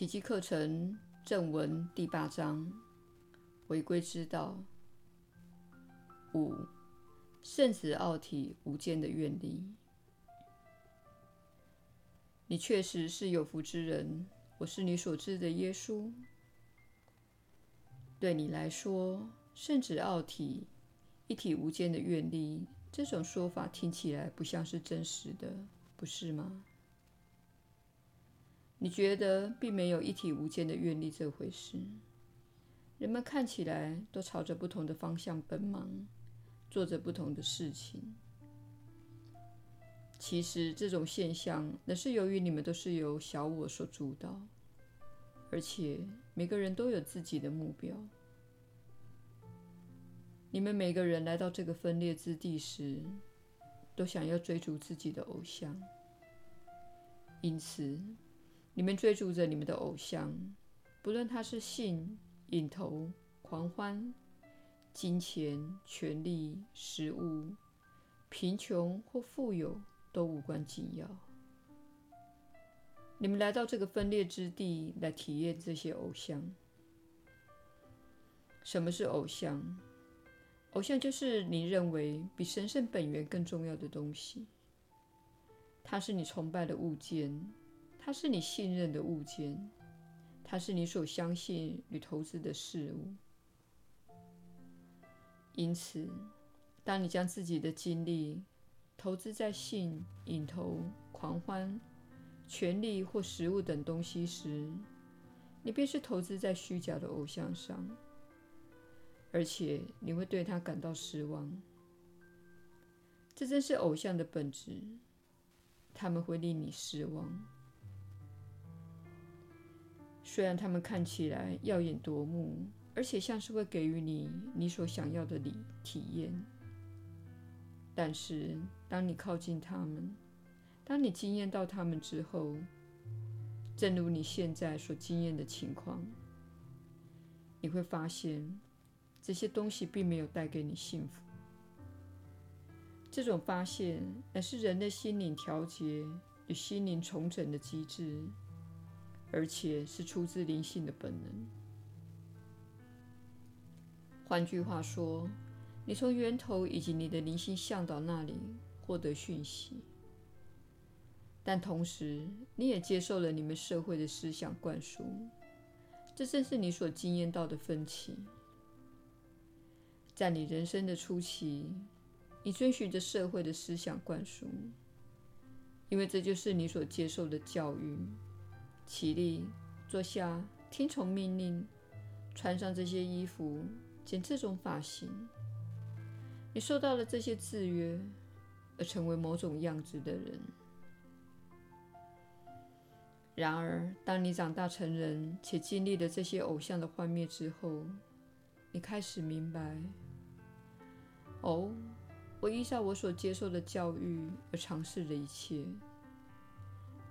奇蹟課程正文第八章：回歸之道。五，聖子奧體無間的願力。你確實是有福之人，我是你所知的耶穌。對你來說，聖子奧體一體無間的願力這種說法聽起來不像是真實的，不是嗎？你覺得並沒有一體無間的願力這回事。人們看起來都朝着不同的方向奔忙，做着不同的事情。其實這種現象，乃是由於你們都是由小我所主導，而且每個人都有自己的目標。你們每個人來到這個分裂之地時，都想要追逐自己的偶像。因此，你們追逐着你們的偶像，不論它是性、癮頭、狂歡、金錢、權力、食物、貧窮或富有，都無關緊要。你們來到這個分裂之地來體驗這些偶像。什麼是偶像？偶像就是你認為比神聖本源更重要的東西。它是你崇拜的物件。它是你信任的物件，它是你所相信與投資的事物。因此，當你將自己的精力投資在性、癮頭、狂歡、權力或食物等東西時，你便是投資在虛假的偶像上，而且你會對它感到失望。這正是偶像的本質，它們會令你失望。雖然它們看起來耀眼奪目，而且像是會給予你你所想要的體驗，但是當你靠近他們，當你經驗到他們之後，正如你現在所經驗的情況，你會發現這些東西並沒有帶給你幸福。這種發現乃是人的心靈調節與心靈重整的機制。而且是出自靈性的本能。換句話說，你從源頭以及你的靈性嚮導那裡獲得訊息，但同時你也接受了你們社會的思想灌輸。這正是你所經驗到的分歧。在你人生的初期，你遵循着社會的思想灌輸，因為這就是你所接受的教育。起立，坐下，聽從命令，穿上這些衣服，剪這種髮型。你受到了這些制約，而成為某種樣子的人。然而，當你長大成人且經歷了這些偶像的幻滅之後，你開始明白：哦，我依照我所接受的教育而嘗試了一切，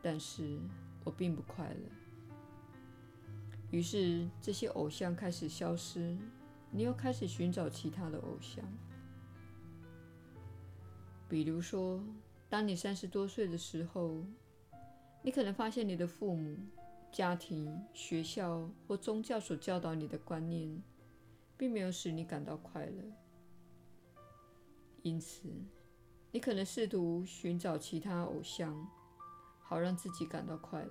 但是……我並不快樂。於是，這些偶像開始消失，你又開始尋找其他的偶像。比如說，當你三十多歲的時候，你可能發現你的父母、家庭、學校或宗教所教導你的觀念，並沒有使你感到快樂。因此，你可能試圖尋找其他偶像。好讓自己感到快樂。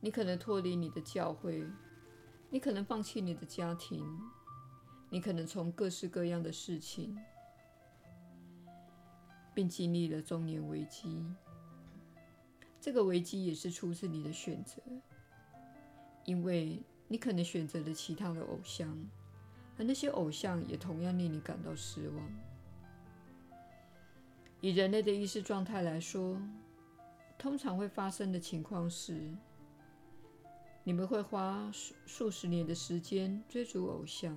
你可能脫離你的教會，你可能放棄你的家庭，你可能從事各式各樣的事情，並經歷了中年危機。這個危機也是出自你的選擇，因為你可能選擇了其他的偶像，而那些偶像也同樣令你感到失望。以人類的意識狀態來說。通常會發生的情況是，你們會花數數十年的時間追逐偶像，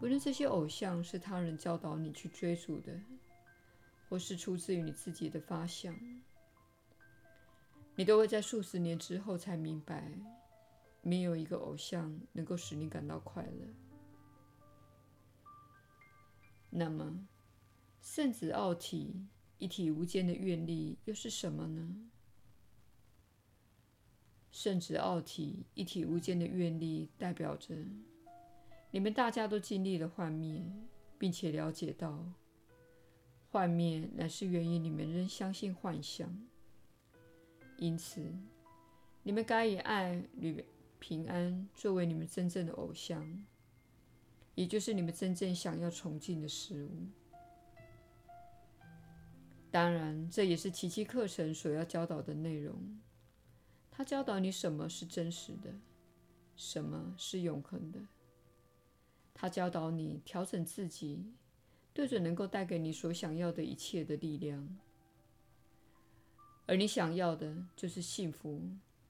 無論這些偶像是他人教導你去追逐的，或是出自於你自己的發想，你都會在數十年之後才明白，沒有一個偶像能夠使你感到快樂。那麼，聖子奧體。一體無間的願力又是什麼呢？聖子奧體一體無間的願力代表着你們大家都經歷了幻滅，並且了解到幻滅乃是源於你們仍相信幻相。因此，你們改以愛與平安作為你們真正的偶像，也就是你們真正想要崇敬的事物。當然，這也是奇蹟課程所要教導的內容。它教導你什麼是真實的，什麼是永恆的。它教導你調整自己，對準能夠帶給你所想要的一切的力量。而你想要的就是幸福、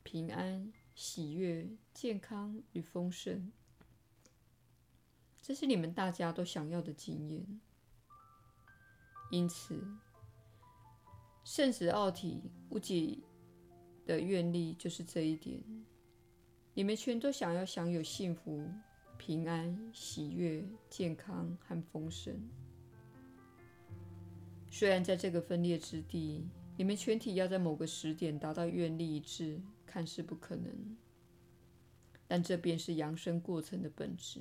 平安、喜悅、健康與豐盛。這是你們大家都想要的經驗。因此。聖子奧體無間的願力就是這一點。你們全都想要享有幸福、平安、喜悅、健康和豐盛。雖然在這個分裂之地，你們全體要在某個時點達到願力一致，看似不可能，但這便是揚升過程的本質。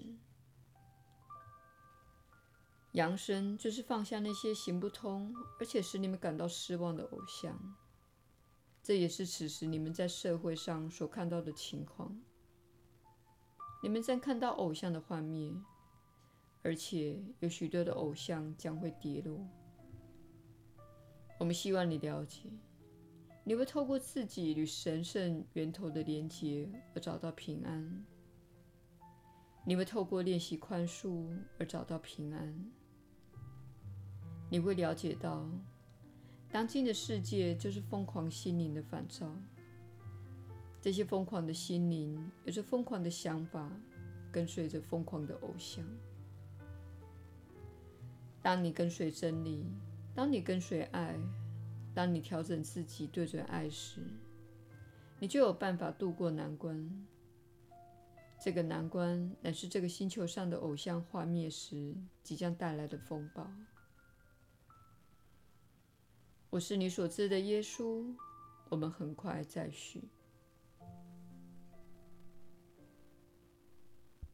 揚升就是放下那些行不通，而且使你們感到失望的偶像。這也是此時你們在社會上所看到的情況。你們正看到偶像的幻滅，而且有許多的偶像將會跌落。我們希望你了解，你會透過自己與神聖源頭的連結而找到平安。你會透過練習寬恕而找到平安。你會了解到，當今的世界就是瘋狂心靈的反照。這些瘋狂的心靈有着瘋狂的想法，跟隨着瘋狂的偶像。當你跟隨真理，當你跟隨愛，當你調整自己對準愛時，你就有辦法渡過難關。這個難關乃是這個星球上的偶像幻滅時即將帶來的風暴。我是你所知的耶穌，我們很快再敘。